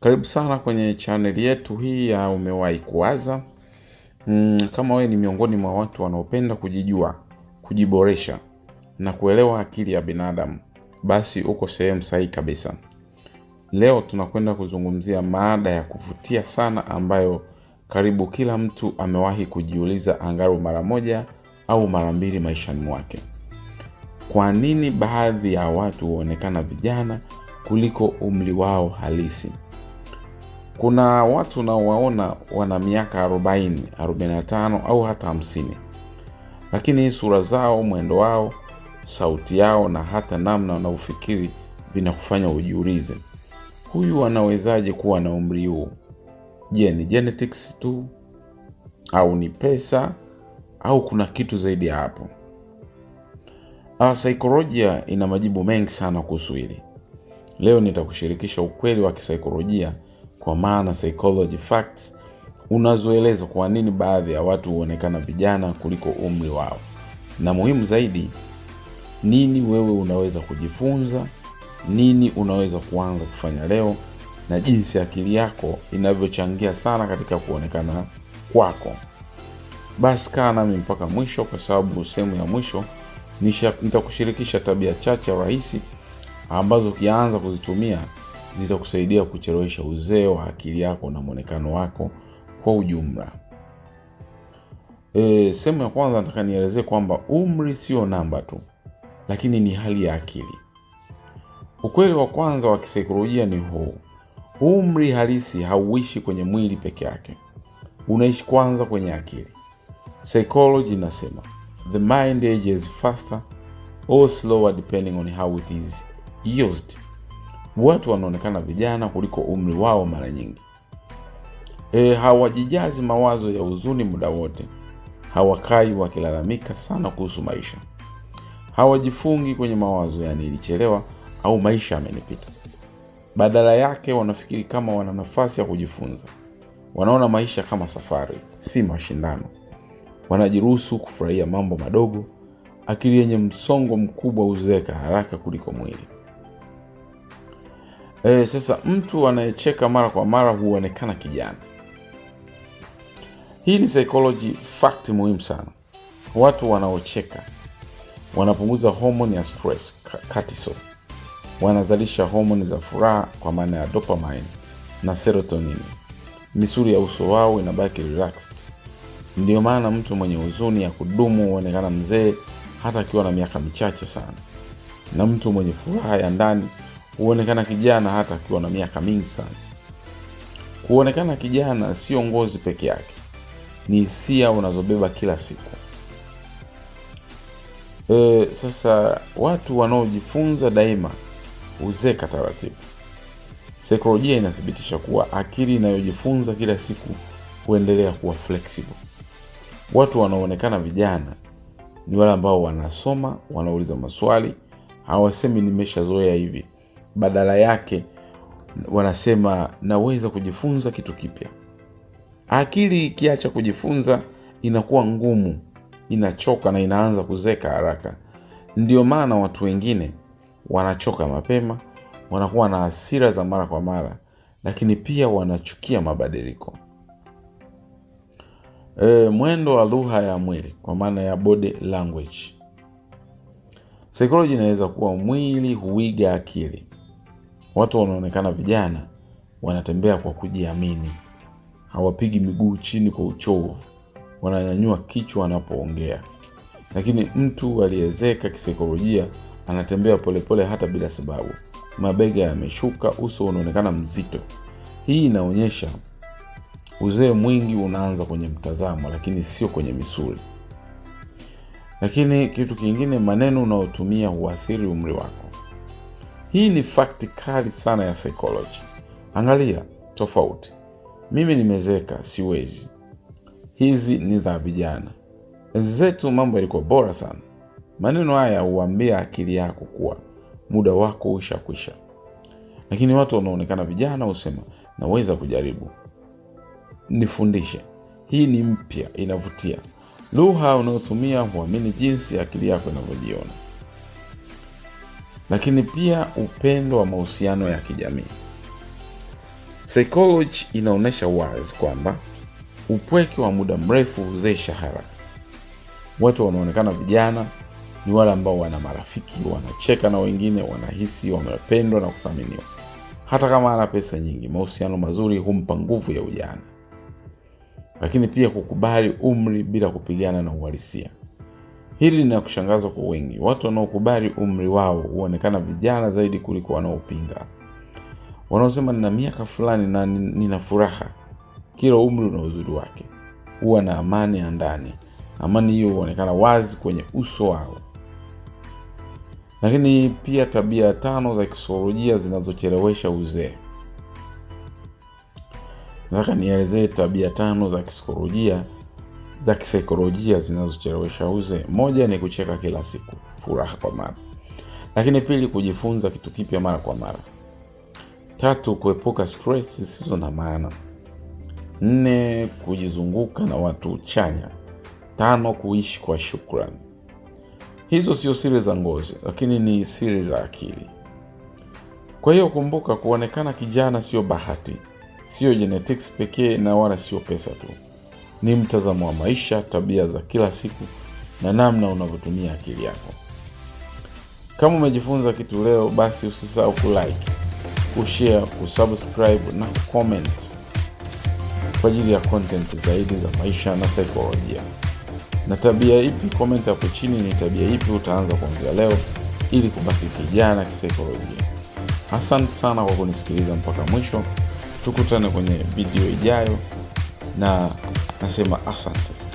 Karibu sana kwenye chaneli yetu hii ya Umewahi Kuwaza. Mm, kama wewe ni miongoni mwa watu wanaopenda kujijua, kujiboresha na kuelewa akili ya binadamu, basi uko sehemu sahihi kabisa. Leo tunakwenda kuzungumzia mada ya kuvutia sana ambayo karibu kila mtu amewahi kujiuliza angalau mara moja au mara mbili maishani mwake. Kwa nini baadhi ya watu huonekana vijana kuliko umri wao halisi? Kuna watu unaowaona wana miaka 40, 45 au hata 50, lakini sura zao, mwendo wao, sauti yao na hata namna wanaofikiri vinakufanya ujiulize, huyu anawezaje kuwa na umri huu? Je, ni genetics tu au ni pesa au kuna kitu zaidi ya hapo? Ah, saikolojia ina majibu mengi sana kuhusu hili. Leo nitakushirikisha ukweli wa kisaikolojia kwa maana psychology facts unazoeleza kwa nini baadhi ya watu huonekana vijana kuliko umri wao, na muhimu zaidi, nini wewe unaweza kujifunza, nini unaweza kuanza kufanya leo, na jinsi akili yako inavyochangia sana katika kuonekana kwako. Basi kaa nami mpaka mwisho, kwa sababu sehemu ya mwisho nitakushirikisha tabia chache rahisi ambazo ukianza kuzitumia zitakusaidia kuchelewesha uzee wa akili yako na mwonekano wako kwa ujumla. E, sehemu ya kwanza nataka nielezee kwamba umri sio namba tu, lakini ni hali ya akili. Ukweli wa kwanza wa kisaikolojia ni huu: umri halisi hauishi kwenye mwili peke yake, unaishi kwanza kwenye akili. Psychology inasema the mind ages faster or slower depending on how it is used watu wanaonekana vijana kuliko umri wao mara nyingi. E, hawajijazi mawazo ya huzuni muda wote. Hawakai wakilalamika sana kuhusu maisha. Hawajifungi kwenye mawazo, yani ilichelewa au maisha amenipita. Badala yake wanafikiri kama wana nafasi ya kujifunza. Wanaona maisha kama safari, si mashindano. Wanajiruhusu kufurahia mambo madogo. Akili yenye msongo mkubwa huzeeka haraka kuliko mwili. E, sasa mtu anayecheka mara kwa mara huonekana kijana. Hii ni psychology fact muhimu sana. Watu wanaocheka wanapunguza homoni ya stress cortisol, wanazalisha homoni za furaha kwa maana ya dopamine na serotonin. Misuli ya uso wao inabaki relaxed. Ndiyo maana mtu mwenye huzuni ya kudumu huonekana mzee hata akiwa na miaka michache sana, na mtu mwenye furaha ya ndani huonekana kijana hata akiwa na miaka mingi sana. Kuonekana kijana sio ngozi peke yake, ni hisia unazobeba kila siku. E, sasa watu wanaojifunza daima huzeka taratibu. sikolojia inathibitisha kuwa akili inayojifunza kila siku huendelea kuwa flexible. Watu wanaoonekana vijana ni wale ambao wanasoma, wanauliza maswali, hawasemi nimeshazoea hivi, badala yake wanasema naweza kujifunza kitu kipya. Akili ikiacha kujifunza inakuwa ngumu, inachoka na inaanza kuzeka haraka. Ndiyo maana watu wengine wanachoka mapema, wanakuwa na hasira za mara kwa mara, lakini pia wanachukia mabadiliko. E, mwendo wa lugha ya mwili kwa maana ya body language. Saikolojia inaweza kuwa mwili huiga akili. Watu wanaonekana vijana, wanatembea kwa kujiamini, hawapigi miguu chini kwa uchovu, wananyanyua kichwa wanapoongea. Lakini mtu aliyezeka kisaikolojia anatembea polepole hata bila sababu, mabega yameshuka, uso unaonekana mzito. Hii inaonyesha uzee mwingi unaanza kwenye mtazamo, lakini sio kwenye misuli. Lakini kitu kingine, maneno unayotumia huathiri umri wako. Hii ni fakti kali sana ya psychology. Angalia tofauti, mimi nimezeka siwezi. Hizi ni za vijana. Enzi zetu mambo yalikuwa bora sana. Maneno haya huambia akili yako kuwa muda wako ushakwisha, lakini watu wanaonekana vijana husema naweza kujaribu, nifundishe. Hii ni mpya, inavutia. Lugha unayotumia huamini jinsi akili yako inavyojiona lakini pia upendo wa mahusiano ya kijamii. Saikoloji inaonyesha wazi kwamba upweke wa muda mrefu huzee haraka. Watu wanaonekana vijana ni wale ambao wana marafiki, wanacheka na wengine, wanahisi wamependwa na kuthaminiwa. Hata kama ana pesa nyingi, mahusiano mazuri humpa nguvu ya ujana. Lakini pia kukubali umri bila kupigana na uhalisia. Hili ni kushangaza kwa wengi. Watu wanaokubali umri wao huonekana vijana zaidi kuliko wanaopinga, wanaosema nina miaka fulani na nina furaha. Kila umri una uzuri wake, huwa na amani ya ndani. Amani hiyo huonekana wazi kwenye uso wao. Lakini pia tabia tano za kisaikolojia zinazochelewesha uzee. Nataka nielezee tabia tano za kisaikolojia za kisaikolojia zinazochelewesha uze. Moja ni kucheka kila siku, furaha kwa mara, lakini pili, kujifunza kitu kipya mara kwa mara. Tatu, kuepuka stress zisizo na maana. Nne, kujizunguka na watu chanya. Tano, kuishi kwa shukran Hizo sio siri za ngozi, lakini ni siri za akili. Kwa hiyo kumbuka, kuonekana kijana sio bahati, sio genetics pekee, na wala sio pesa tu ni mtazamo wa maisha, tabia za kila siku na namna unavyotumia akili yako. Kama umejifunza kitu leo, basi usisahau kulike, kushare, kusubscribe na comment kwa ajili ya content zaidi za maisha na saikolojia. Na tabia ipi? koment hapo chini, ni tabia ipi utaanza kuanzia leo ili kubaki kijana kisaikolojia. Asante sana kwa kunisikiliza mpaka mwisho. Tukutane kwenye video ijayo na nasema asante.